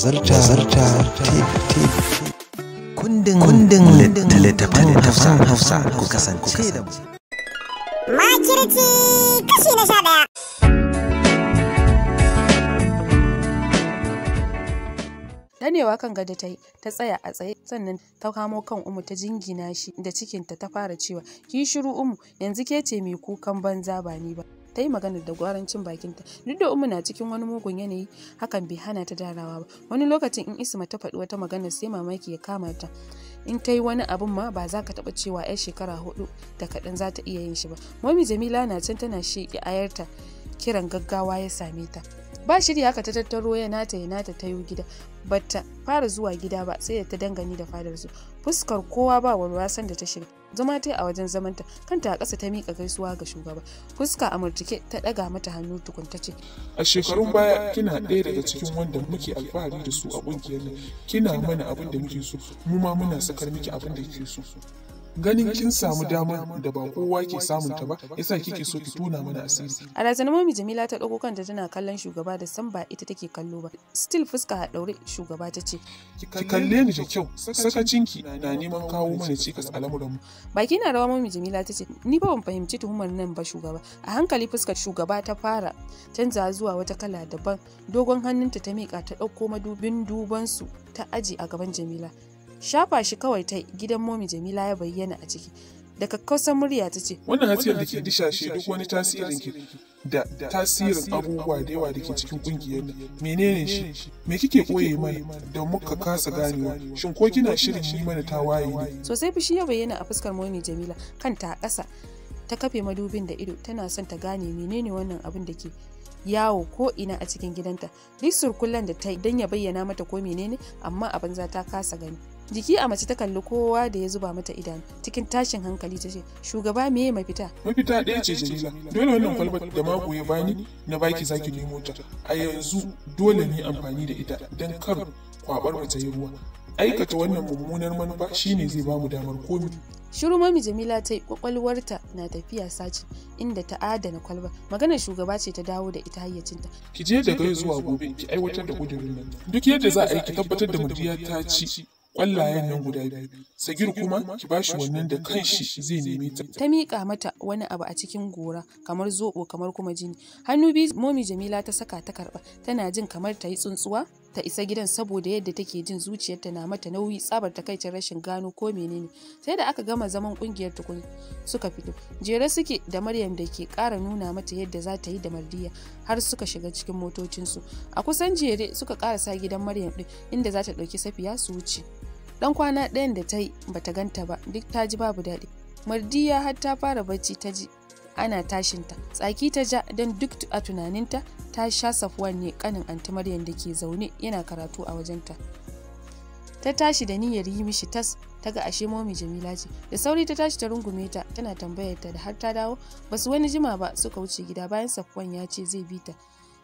bazarta kundin kundin littattafan hausa hausa ku kasance da mu makirci kashi na sha daya danewa kan gado ta yi ta tsaya a tsaye sannan ta kamo kan umu ta jingina shi da cikinta ta fara cewa ki shiru umu yanzu ke ce mai kukan banza ba ni ba ta yi maganar da gwarancin bakinta duk da umu na cikin wani mugun yanayi hakan bai hana ta darawa ba wani lokacin in isma ta faɗi wata magana sai mamaki ya kama ta in ta yi wani abun ma ba za ka taɓa cewa 'yar shekara hudu da kaɗan za ta iya yin shi ba Mami jamila na can tana sheƙi ayarta kiran gaggawa ya same ta ba shirya haka ta tattaro ya nata ya nata ta yi gida ba ta fara zuwa gida ba sai da ta dangane da fadar su fuskar kowa ba wasan da ta shiga zama ta a wajen zamanta kanta a ƙasa ta miƙa gaisuwa ga shugaba fuska a murtuke ta ɗaga mata hannu tukunta ce a shekarun baya kina ɗaya daga cikin wanda muke alfahari da su a ƙungiyar nan kina mana abin da muke so mu ma muna sakar miki abin da kike so ganin kin samu dama da ba kowa ke samun ta ba yasa kike so ki tona mana asiri a razana mami jamila ta dauko kanta tana kallon shugaba da san ba ita take kallo ba still fuska a daure shugaba ta ce ki kalle ni da kyau sakacinki na neman kawo mana cikas a lamuranmu baki na rawa mami jamila ta ce ni ba ban fahimci tuhumar nan ba shugaba a hankali fuskar shugaba ta fara canza zuwa wata kala daban dogon hannunta ta miƙa ta ɗauko madubin dubansu ta aji a gaban jamila shafa shi kawai ta gidan momi jamila ya bayyana a ciki da kakkausar murya ta ce wannan hatiyar da ke shi duk wani tasirin ki da tasirin abubuwa da yawa da ke cikin kungiyar menene shi me kike koye mana da muka kasa ganewa shin ko kina shirin yi mana tawaye ne sosai fushi ya bayyana a fuskar momi jamila kanta a ƙasa ta kafe madubin da ido tana son ta gane menene wannan abin da ke yawo ko ina a cikin gidanta duk surkullen da ta danya ya bayyana mata ko menene amma a banza ta kasa gani jiki a mace ta kalli kowa da ya zuba mata idanu cikin tashin hankali ta ce shugaba me ya mafita mafita ɗaya ce jamila dole wannan kwalbar da mako ya bani na baki zaki nemo ta a yanzu dole ne amfani da ita don kar kwabar mace yi ruwa aikata wannan mummunar manufa shine zai bamu damar komi shiru mami jamila ta yi kwakwalwarta na tafiya sace inda ta adana kwalba maganar shugaba ce ta dawo da ita hayyacinta ki je da zuwa gobe ki aiwatar da kudirin nan duk yadda za a yi ki tabbatar da murdiya ta ci ƙwallayen nan guda biyu sagir kuma ki bashi wannan da kanshi zai nemi ta ta miƙa mata wani abu a cikin gora kamar zobo kamar kuma jini hannu biyu momi jamila ta saka ta karɓa tana jin kamar ta yi tsuntsuwa ta isa gidan saboda yadda take jin zuciyarta na mata nauyi tsabar takaicin rashin gano ko menene sai da aka gama zaman kungiyar tukun suka fito jere suke da maryam da ke ƙara nuna mata yadda za ta yi da mardiya har suka shiga cikin motocinsu a kusan jere suka karasa gidan maryam ɗin inda za ta ɗauki safiya su wuce dan kwana ɗayan da ta yi bata ganta ba duk ta ji babu daɗi mardiya har ta fara bacci ta ji ana tashinta tsaki ta ja don duk a tunaninta ta sha safuwan ne kanin anti maryam da ke zaune yana karatu a wajenta ta tashi da niyyar yi mishi tas ta ga ashe momi jamila ce da sauri ta tashi ta rungume ta tana tambayar ta da har ta dawo basu wani jima ba suka wuce gida bayan safuwan ya ce zai bi ta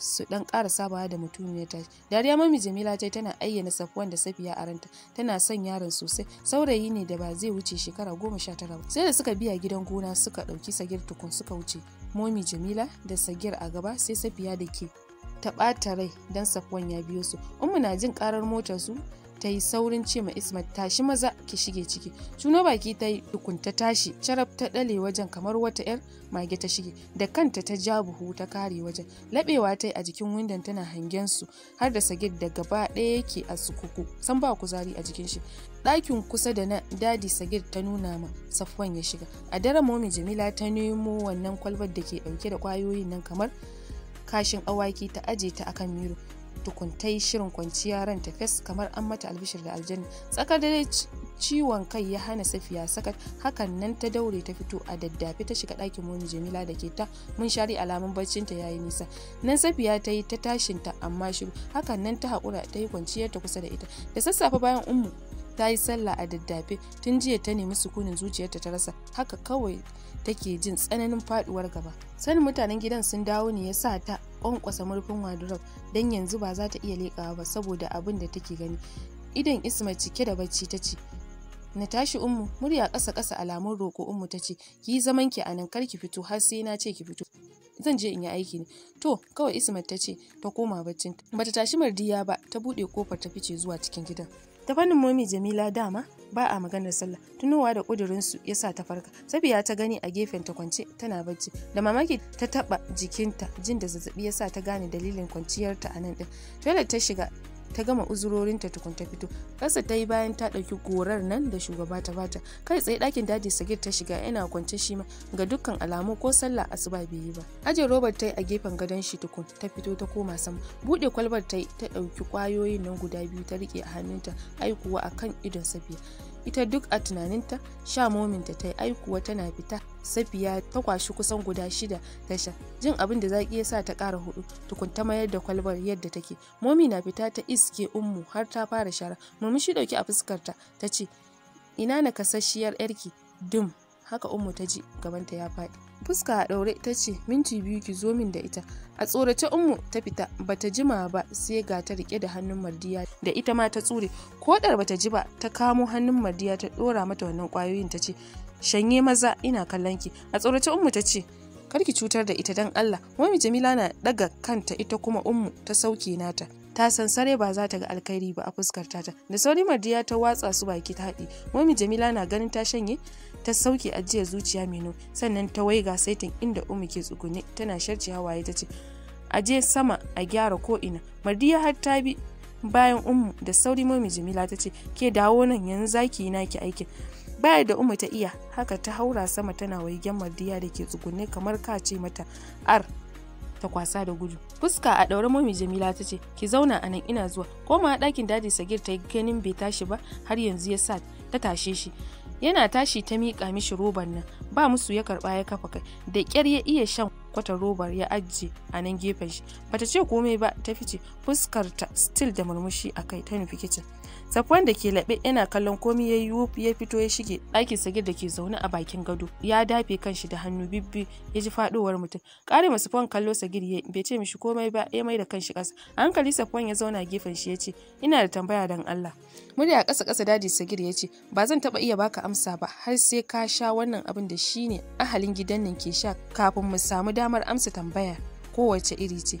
su dan ƙara sabawa da mutumin ya tashi dariya mami jamila ta tana ayyana safuwan da safiya a ranta tana son yaron sosai saurayi ne da ba zai wuce shekara goma sha tara ba sai da suka biya gidan gona suka ɗauki sagir tukun suka wuce mami jamila da sagir a gaba sai safiya da ke ta ɓata rai don safuwan ya biyo su ummu na jin ƙarar motar su ta yi saurin ce ma Ismat tashi maza ki shige ciki. Cuno baki ta yi dukunta tashi carab ta ɗale wajen kamar wata 'yar mage ta shige da kanta ta ja buhu ta kare wajen. Laɓewa ta yi a jikin windon tana hangen su har da sagid da gaba ɗaya yake a sukuku san ba kuzari a jikin shi. Ɗakin kusa da na dadi sagid ta nuna ma safwan ya shiga. A daren momi Jamila ta nemo wannan kwalbar da ke ɗauke da kwayoyin nan kamar kashin awaki ta aje ta akan miro tukuntai shirin kwanciya ran tafes kamar an mata albishir da aljanna tsakar da ciwon kai ya hana safiya sakat hakan nan ta daure ta fito a daddafe ta shiga ɗakin momi jamila da ke ta mun shari alamun barcinta yayi nisa nan safiya ta yi ta tashinta amma shiru hakan nan ta haƙura ta yi kwanciyar ta kusa da ita da sassafe bayan ummu ta yi sallah a daddafe tun jiya ta nemi sukunin zuciyarta ta rasa haka kawai take jin tsananin faduwar gaba sanin mutanen gidan sun dawo ne ya sa ta kwankwasa murfin wardrobe don yanzu ba za ta iya leƙawa ba saboda abin da take gani idan isma cike da bacci ta ce na tashi ummu murya ƙasa ƙasa alamun roƙo ummu ta ce ki zaman ki a nan kar ki fito har sai na ce ki fito zan je in yi aiki ne to kawai isma ta ce ta koma baccin bata tashi mardiya ba ta buɗe kofar ta fice zuwa cikin gidan ta fannin momi jamila dama ba a maganar sallah tunowa da ƙudurinsu ya sa ta farka sabiya ta gani a gefen ta kwance tana bacci da mamaki ta taɓa jikinta jin da zazzabi ya sa ta gane dalilin kwanciyarta a nan ɗin toilet ta shiga ta gama uzurorinta tukun ta fito kasa ta yi bayan ta ɗauki gorar nan da shugaba ta bata kai tsaye ɗakin daji sagir ta shiga yana kwance shi ma ga dukkan alamu ko sallah asuba bai yi ba aje robar ta yi a gefen gadon shi tukun ta fito ta koma sama buɗe kwalbar ta yi ta ɗauki ƙwayoyin nan guda biyu ta riƙe a hannunta aikuwa akan idon safiya ita duk a tunaninta sha mominta ta yi aikuwa tana fita safiya ta kwashi kusan guda shida tasha. jin abin da zaki ya sa ta kara hudu tukunta mayar da kwalbar yadda take momi na fita ta iske ummu har ta fara shara murmushi dauki a fuskarta ta ce ina na kasasshiyar yarki dum haka ummu ta ji gabanta ya faɗi fuska a ɗaure ta ce minti biyu ki zo min da ita a tsorace ummu ta fita bata jima ba sai ga ta rike da hannun mardiya da ita ma ta tsure ko ba bata ji ba ta kamo hannun mardiya ta ɗora mata wannan kwayoyin ta ce shanye maza ina kallon ki a tsorace ummu ta ce kar ki cutar da ita dan Allah wani Jamila na daga kanta ita kuma ummu ta sauke nata ta san sare ba za ta ga alkhairi ba a fuskar ta. da sauri madiya ta watsa su baki ta haɗi mami jamila na ganin ta shanye ta sauke ajiyar zuciya meno sannan ta waiga saitin inda umu ke tsugune tana sharci hawaye ta ce aje sama a gyara ko ina madiya har ta bi bayan ummu da sauri mami jamila ta ce ke dawo nan yanzu zaki yi naki aikin baya da umu ta iya haka ta haura sama tana waigen mardiya da ke tsugunne kamar ka ce mata ar ta kwasa da gudu fuska a ɗaure mami jamila ta ce ki zauna a nan ina zuwa koma ɗakin dadi sagir ta ganin bai tashi ba har yanzu ya sa ta tashe shi yana tashi ta miƙa mishi roban nan ba musu ya karɓa ya kafa kai da ƙyar ya iya shan kwata robar ya ajiye a nan gefen shi bata ce komai ba ta fice fuskarta still da murmushi a kai ta nufi kicin safuwan da ke laɓe yana kallon komai ya yi ya fito ya shige ɗakin sagir da ke zaune a bakin gado ya dafe kanshi da hannu bibbi ya ji faɗowar mutum ƙare masu fon kallo sagir ya bai ce mishi komai ba ya mai da kanshi ƙasa a hankali safuwan ya zauna gefen shi ya ce ina da tambaya don Allah murya a ƙasa ƙasa daji sagir ya ce ba zan taɓa iya baka amsa ba har sai ka sha wannan abin da shi ne ahalin gidan nan ke sha kafin mu samu damar amsa tambaya kowace iri ce.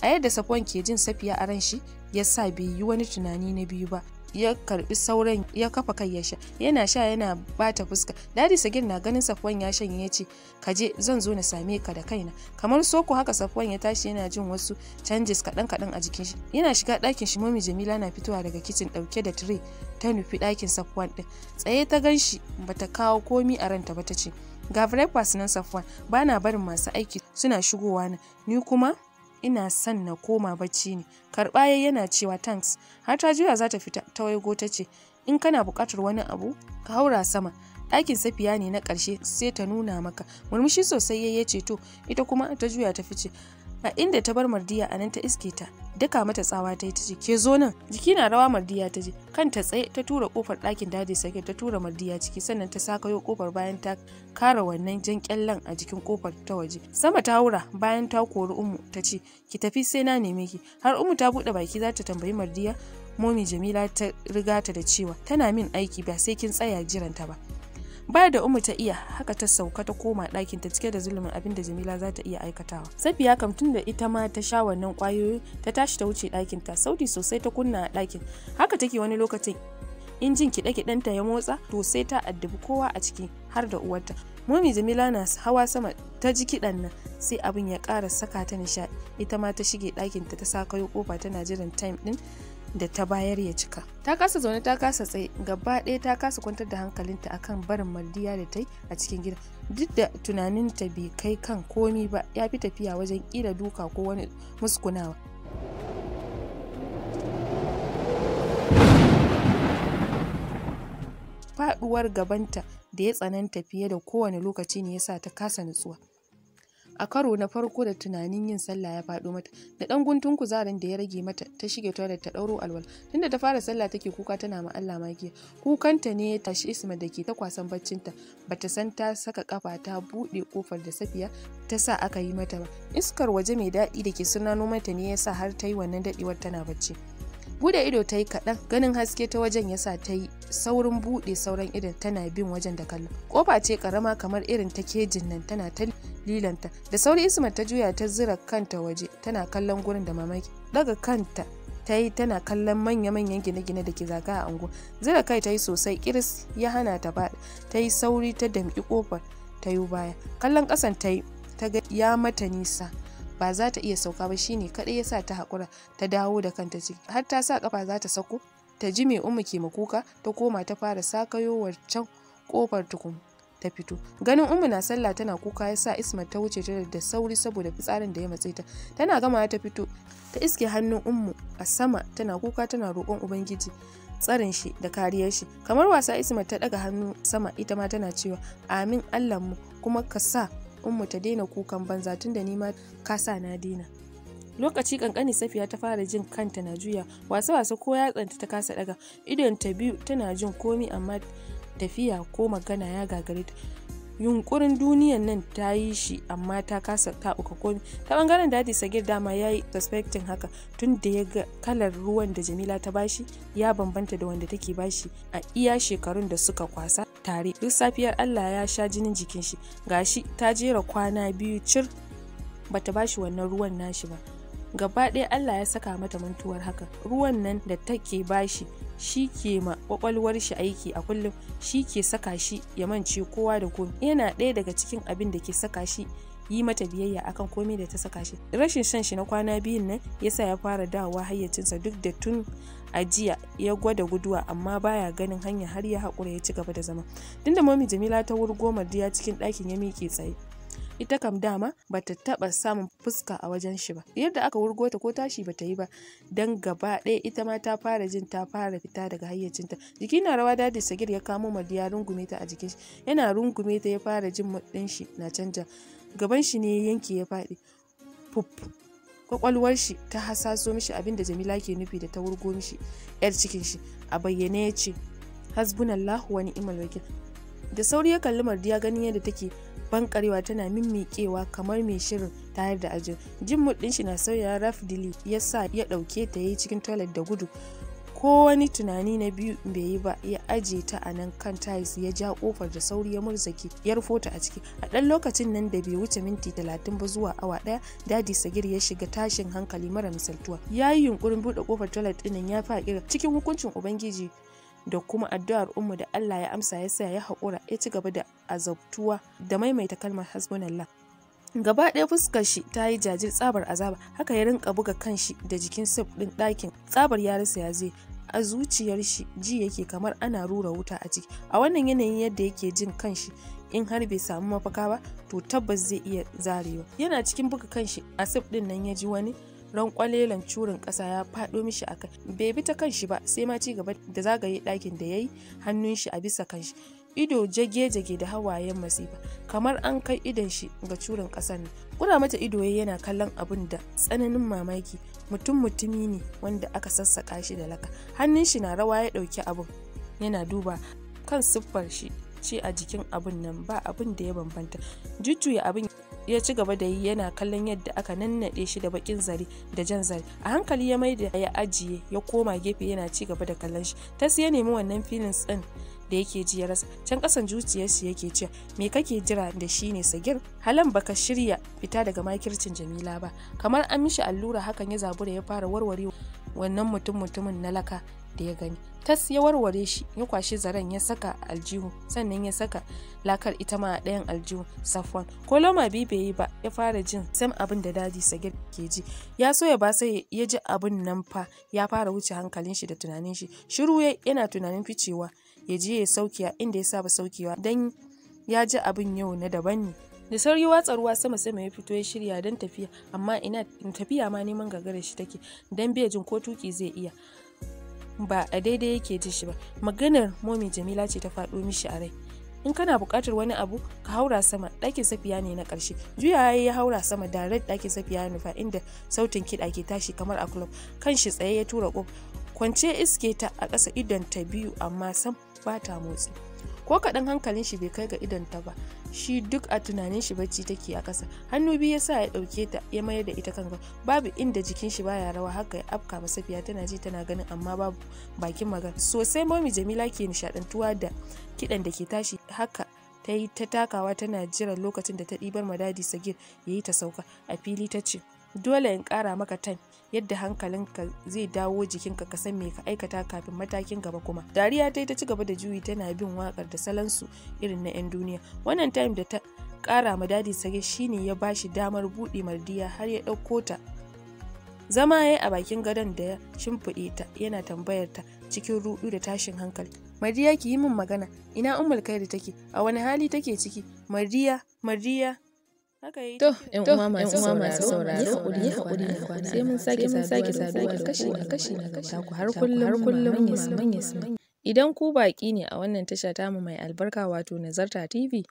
A yadda Safwan ke jin safiya a ran shi ya sa bai yi wani tunani na biyu ba ya karbi sauran ya kafa kai ya sha yana sha yana bata fuska dadi sagir na ganin safwan ya shanye ya ce kaje zan zo na same ka da kaina kamar soko haka safwan ya tashi yana jin wasu canjes kaɗan kaɗan a jikin shi yana shiga ɗakin shi mami jamila na fitowa daga kicin ɗauke da tire ta nufi ɗakin safwan ɗin tsaye ta gan shi bata kawo komi a ranta ba ta ce ga breakfast nan safwan ba barin masu aiki suna shigowa na ni kuma ina son na koma bacci ne karɓa ya yana cewa tanks har ta juya za ta fita ta waigo ta ce in kana buƙatar wani abu ka haura sama ɗakin safiya ne na ƙarshe sai ta nuna maka murmushi sosai ya ce to ita kuma ta juya ta fice a inda ta bar mardiya a nan ta iske ta daka mata tsawa ta yi ta ce ke zo nan jiki na rawa mardiya ta je kan ta tsaye ta tura kofar ɗakin daji sake ta tura mardiya ciki sannan ta sakayo kofar bayan ta kara wannan jan kyallen a jikin kofar ta waje sama ta haura bayan ta kori umu ta ce ki tafi sai na neme ki har umu ta buɗe baki za ta tambayi mardiya momi jamila ta riga ta da cewa tana min aiki ba sai kin tsaya jiranta ba ba da umu ta iya haka ta sauka ta koma ɗakin ta cike da zulumin abin da jamila za ta iya aikatawa safiya kam tun da ita ma ta sha wannan kwayoyi ta tashi ta wuce ɗakin ta sauti sosai ta kunna a ɗakin haka take wani lokacin in jin kiɗe kiɗanta ya motsa to sai ta addabi kowa a ciki har da uwarta momi jamila na hawa sama ta ji kiɗan nan sai abin ya ƙara saka ta nishaɗi ita ma ta shige ɗakinta ta sa kayo ƙofa tana jiran time ɗin da ta bayar ya cika ta kasa zaune ta kasa tsaye gaba ɗaya ta kasa kwantar da hankalinta akan barin maldiya da ta yi a cikin gida duk da tunaninta bai kai kan komi ba ya fi tafiya wajen ƙila duka ko wani muskunawa faɗuwar gabanta da ya tsananta fiye da kowane lokaci ne ya sa ta kasa nutsuwa a karo na farko da tunanin yin sallah ya faɗo mata da ɗan guntun kuzarin da ya rage mata ta shige toilet ta ɗauro alwal tunda ta fara sallah take kuka tana ma Allah magiya kukanta ne ya tashi Isma da ke ta kwasan baccinta bata san ta saka kafa ta buɗe kofar da safiya ta sa aka yi mata ba iskar waje mai daɗi da ke sunano mata ne ya sa har ta yi wannan daɗewar tana bacci bude ido ta yi kaɗan ganin haske ta wajen yasa ta yi saurin buɗe sauran idan tana bin wajen da kallo kofa ce karama kamar irin ta kejin nan tana ta lilanta da sauri isma ta juya ta zira kanta waje tana kallon gurin da mamaki daga kanta ta yi tana kallon manya-manyan gine-gine da ke zaga a unguwa zira kai ta yi sosai kiris ya hana ta faɗi ta yi sauri ta damƙi kofar ta yi baya kallon ƙasan ta yi ta ga ya mata nisa ba za ta iya sauka ba shine kaɗai ya sa ta haƙura ta dawo da kanta ciki har ta sa ƙafa za ta sako ta ji mai umu ke makuka ta koma ta fara sakayowar can ƙofar tukun ta fito ganin umu na sallah tana kuka ya sa isma ta wuce ta da sauri saboda fitsarin da ya matse ta tana gama ta fito ta iske hannun umu a sama tana kuka tana roƙon ubangiji tsarin shi da kariyar shi kamar wasa isma ta daga hannu sama ita ma tana cewa amin allah mu kuma ka sa umu ta daina kukan banza tun da nima ka sa na dina. lokaci kankani safiya ta fara jin kanta na juya wasa wasa ko yatsanta ta kasa daga idon ta biyu tana jin komi amma tafiya ko magana ya gagare ta yunkurin duniyan nan ta yi shi amma ta kasa ta uka komi ta bangaren dadi sagir dama ya yi suspectin haka tun da ya ga kalar ruwan da jamila ta bashi ya bambanta da wanda take bashi a iya shekarun da suka kwasa tare duk safiyar allah ya sha jinin jikin shi gashi ta jera kwana biyu cir bata bashi wannan ruwan nashi ba gaba ɗaya Allah ya saka mata mantuwar haka ruwan nan da take bashi shi ke ma kwakwalwar shi aiki a kullum shi ke saka shi ya mance kowa da komi yana ɗaya daga cikin abin da ke saka shi yi mata biyayya akan komai da ta saka shi rashin shan shi na kwana biyun nan yasa ya fara dawowa hayyacinsa duk da tun ajiya ya gwada guduwa amma baya ganin hanya har ya haƙura ya ci gaba da zama tunda mami jamila ta wurgo diya cikin ɗakin ya miƙe tsaye ita kam dama ba ta taɓa samun fuska a wajen shi ba yadda aka wurgo ta ko tashi ba ta yi ba dan gaba ɗaya ita ma ta fara jin ta fara fita daga hayyacinta jiki na rawa dadi sagir ya kamo ya rungume ta a jikin shi yana rungume ta ya fara jin mudin shi na canja gaban shi ne yanke ya faɗi pup kwakwalwar shi ta hasaso mishi abinda jamila ke nufi da ta wurgo mishi yar cikin shi a bayyane ya ce hasbunallahu wani ni'mal wakil da sauri ya kalli mardiya ganin yadda take bankarewa tana mimmiƙewa kamar mai shirin tayar da ajin jin mudin shi na sauya raf dili ya sa ya ɗauke ta yi cikin toilet da gudu ko wani tunani na biyu bai yi ba ya ajiye ta a nan kan tiles ya ja kofar da sauri ya murzaki ya rufo a ciki a ɗan lokacin nan da bai wuce minti talatin ba zuwa awa ɗaya dadi sagir ya shiga tashin hankali mara misaltuwa ya yi yunkurin buɗe kofar toilet ɗinnan ya fa'ira cikin hukuncin ubangiji da kuma addu'ar ummu da Allah ya amsa ya sa ya haƙura ya ci gaba da azabtuwa da maimaita kalmar hasbunallah gaba ɗaya fuskar shi ta yi jajir tsabar azaba haka ya rinka buga kanshi da jikin sif ɗin ɗakin tsabar ya rasa ya zai a zuciyar shi ji yake kamar ana rura wuta a ciki a wannan yanayin yadda yake jin kanshi in har bai samu mafaka ba to tabbas zai iya zarewa yana cikin buga kanshi a sif ɗin nan ya ji wani ran kwalelan curin ƙasa ya faɗo mishi a kai bai bi ta kanshi ba sai ma ci gaba da zagaye ɗakin da ya yi hannun shi a bisa kanshi ido jage-jage da hawayen masifa kamar an kai idon shi ga curin ƙasar nan kuna mata ido yana kallon abin da tsananin mamaki mutum mutumi ne wanda aka sassaƙa shi da laka hannun shi na rawa ya ɗauki abin yana duba kan siffar shi ce a jikin abin nan ba abin da ya bambanta jujjuya abin ya ci gaba da yi yana kallon yadda aka nannaɗe shi da bakin zare da jan zare a hankali ya mai da ya ajiye ya koma gefe yana ci gaba da kallon shi ta ya nemi wannan filin tsin da yake ji ya rasa can kasan zuciyar yake cewa me kake jira da shi ne sagir halan baka shirya fita daga makircin jamila ba kamar an mishi allura hakan ya zabura ya fara warware wannan mutum mutumin na laka da ya gani tas ya warware shi ya kwashe zaren ya saka aljihu sannan ya saka lakar ita ma a ɗayan aljihu safwan ko loma biyu bai yi ba ya fara jin sam abin da dadi sagir ke ji ya so ya ba sai ya ji abin nan fa ya fara wuce hankalin shi da tunanin shi shiru yana tunanin ficewa ya je ya saukiya inda ya saba saukewa dan ya ji abin yau na daban ne da sauri watsa ruwa sama sama ya fito ya shirya don tafiya amma ina tafiya ma neman gagarar shi take don biya jin ko tuki zai iya ba a daidai yake ji shi ba maganar momi jamila ce ta faɗo mishi a rai in kana buƙatar wani abu ka haura sama ɗakin safiya ne na ƙarshe juyawa ya haura sama da direct ɗakin safiya ya nufa inda sautin kiɗa ke tashi kamar a club shi tsaye ya tura ƙof kwance iske ta a ƙasa idon ta biyu amma sam ba ta motsi ko kaɗan hankalin shi bai kai ga idon ta ba shi duk a tunanin shi bacci take a ƙasa hannu biyu yasa ya ɗauke ta ya mayar da ita kanka babu inda jikin shi baya rawa haka ya afka ba safiya tana ji tana ganin amma babu bakin magana sosai mami jamila ke nishadantuwa da kiɗan da ke tashi haka ta yi ta takawa tana jira lokacin da ta ɗibar madadi sagir ya yi ta sauka a fili ta ce dole in ƙara maka time yadda hankalinka zai dawo jikinka ka san me ka aikata kafin matakin gaba kuma dariya ta ta ci gaba da juyi tana bin wakar da salansu irin na 'yan duniya wannan time da ta kara ma dadi sage shine ya ba shi damar buɗe mardiya har ya ɗauko ta zama ya a bakin gadon da ya shimfiɗe ta yana tambayar ta cikin ruɗu da tashin hankali mardiya ki yi min magana ina ummul da take a wani hali take ciki mardiya mardiya. To, ‘yan uwa masu sauraro, yi haƙuri da kwana, sai mun sake sake saduwa a kashi a kashi na kashi ku har kullum har kullum manya manya. Idan ku baƙi ne a wannan tasha tamu mai albarka wato Nazarta TV,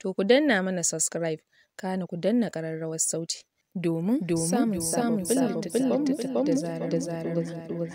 to ku danna mana subscribe, kana ku danna ƙararrawar sauti. Domin samun samun samun da zarar